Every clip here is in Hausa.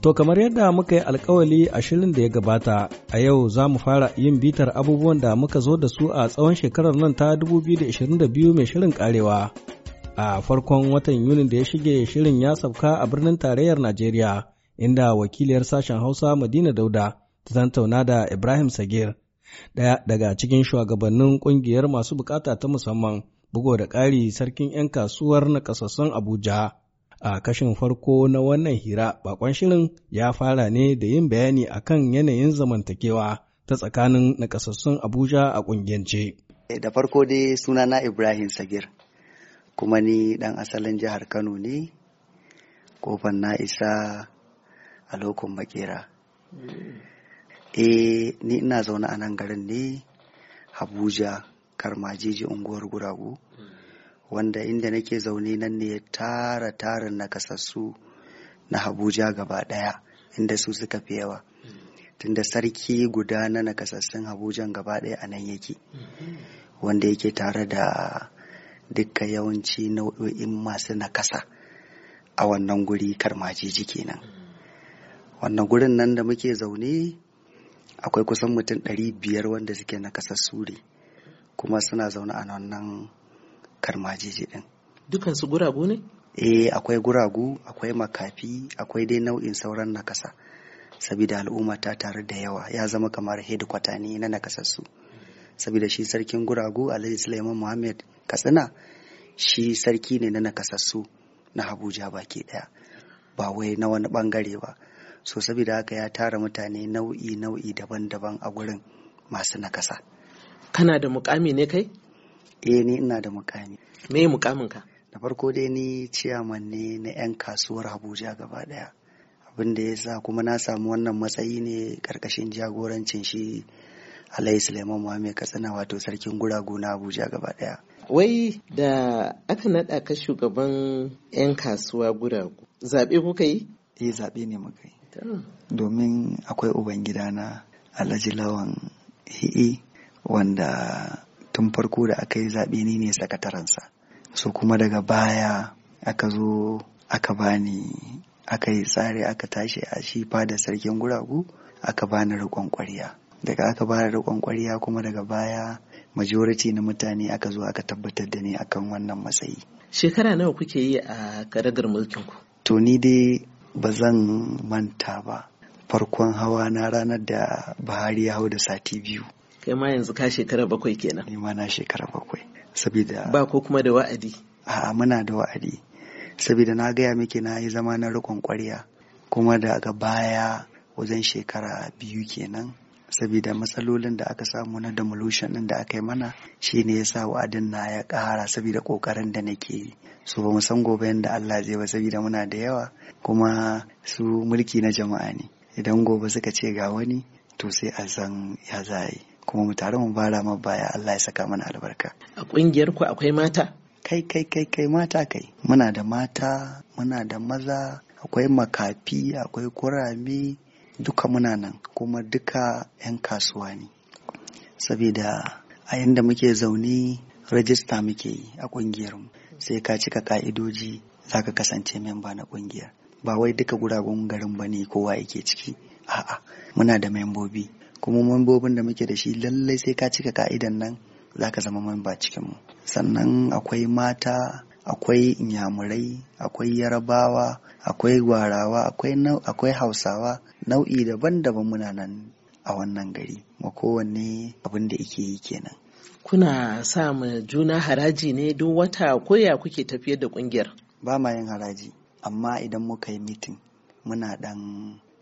To kamar yadda muka yi alkawali a shirin da ya gabata, a yau za mu fara yin bitar abubuwan da muka zo da su a tsawon shekarar nan ta 2022 mai shirin karewa. A farkon watan Yunin da ya shige shirin ya sauka a birnin tarayyar Najeriya, inda wakiliyar sashen Hausa Madina Dauda ta tantauna da Ibrahim Sagir, ɗaya daga cikin shugabannin ƙungiyar masu bukata ta musamman, bugo da ƙari sarkin 'yan kasuwar na Abuja. A kashin farko na wannan hira bakon shirin ya fara ne da yin bayani akan yanayin zamantakewa ta tsakanin nakasassun Abuja a kungiyance. Eh, da farko dai suna na Ibrahim Sagir, kuma ni dan asalin jihar Kano ne, kofan na isa a lokacin makera. E, ni ina zaune a nan garin ne, Abuja, Karmajiji, unguwar Guragu. Mm. wanda inda nake zaune nan ne ya tara tarin nakasassu na Habuja gaba ɗaya inda su suka fi yawa tunda sarki guda na nakasassun Habujan gaba ɗaya a nan yake wanda yake tare da dukkan yawanci nau'o'in masu nakasa a wannan guri karmajiji kenan wannan gurin nan da muke zaune akwai kusan mutum ɗari biyar wanda suke nakasassu ne kuma suna zaune a wannan karmajeje din dukan su guragu ne eh akwai guragu akwai makafi akwai dai nau'in sauran nakasa saboda al'umma ta tare da yawa ya zama kamar hedikwata ne na nakasassu saboda shi sarkin guragu alhaji sulaiman muhammad katsina shi sarki ne na nakasassu na habuja baki daya ba wai na wani bangare ba so saboda haka ya tara mutane nau'i nau'i daban-daban a gurin masu nakasa kana da mukami ne kai eh ni ina da mukami me mukamin ka da farko dai ni ciyaman ne na 'yan kasuwar abuja gaba daya abin da ya sa kuma na samu wannan matsayi ne karkashin jagorancin shi alayhi suleiman muhammed katsina wato sarkin guragu na abuja gaba daya wai da aka naɗa ka shugaban 'yan kasuwa guragu zaɓe kuka yi eh zaɓe ne muka yi domin akwai ubangidana alhaji lawan hi'i wanda tun farko da aka yi zaɓe ni ne sakatarensa so kuma daga baya aka zo aka bani aka yi tsari aka tashi a shi fada sarkin guragu aka bani riƙon ƙwarya daga aka bani riƙon ƙwarya kuma daga baya majority na mutane aka zo aka tabbatar da ni akan wannan matsayi shekara nawa kuke yi a karagar mulkin ku to ni dai ba zan manta ba farkon hawa na ranar da buhari ya hau da sati biyu kai ma yanzu ka shekara bakwai kenan ni ma na shekara bakwai saboda ba ko kuma da wa'adi a'a muna da wa'adi saboda na gaya miki na yi zama na rikon kwarya kuma daga baya wajen shekara biyu kenan saboda matsalolin da aka samu na demolition din da aka yi mana shi ne ya sa wa'adin na ya ƙara saboda ƙoƙarin da nake yi su ba mu san gobe yadda Allah zai ba saboda muna da yawa kuma su mulki na jama'a ne idan gobe suka ce ga wani to sai a san ya za yi kuma mu tare mu bara ma baya Allah ya saka mana albarka a kungiyar ku akwai mata kai kai kai kai mata kai muna da mata muna da maza akwai makafi akwai kurami. duka muna nan kuma duka 'yan kasuwa ne saboda a yadda muke zaune rajista muke yi a ƙungiyarmu sai ka cika ka'idoji za ka kasance memba na ƙungiyar ba wai duka guragun garin ba ne kowa yake ciki a'a muna da membobi kuma mambobin da muke da shi lallai sai ka cika ka'idan nan za ka zama mamba cikin mu sannan akwai mata akwai inyamurai akwai yarabawa akwai gwarawa akwai hausawa nau'i daban-daban muna nan a wannan gari ma kowanne abin da yake yi kenan kuna sa ma juna haraji ne duk wata koya kuke tafiyar da kungiyar ba ma yin haraji amma idan muka yi mitin muna dan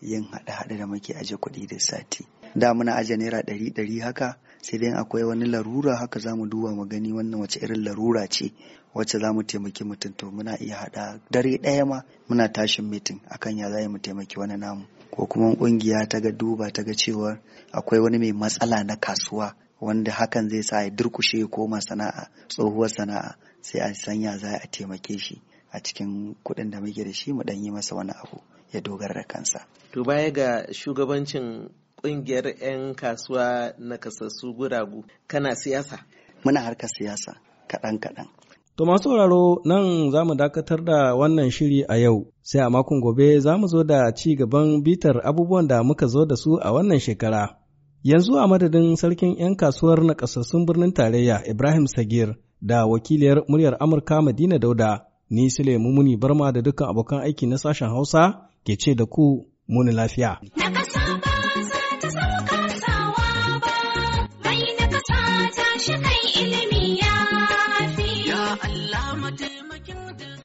yin haɗe-haɗe da muke aje kuɗi da sati da muna aje naira ɗari ɗari haka sai dai akwai wani larura haka za mu duba mu gani wannan wace irin larura ce wacce za mu taimaki mutum to muna iya haɗa dare ɗaya ma muna tashin mitin akan ya za mu taimaki wani namu ko kuma ƙungiya ta ga duba ta ga cewa akwai wani mai matsala na kasuwa wanda hakan zai sa ya durkushe ya koma sana'a tsohuwar sana'a sai a sanya za a taimake shi a cikin kuɗin da muke da shi mu ɗan yi masa wani abu ya dogara da kansa. To baya ga shugabancin kungiyar 'yan kasuwa na kasassu guragu kana siyasa muna harkar siyasa kaɗan kaɗan to masu sauraro nan za mu dakatar da wannan shiri a yau sai a makon gobe za mu zo da ci gaban bitar abubuwan da muka zo da su a wannan shekara yanzu a madadin sarkin 'yan kasuwar na kasassun birnin tarayya ibrahim sagir da wakiliyar muryar amurka madina dauda ni sule mumuni barma da dukkan abokan aiki na sashen hausa ke ce da ku muni lafiya.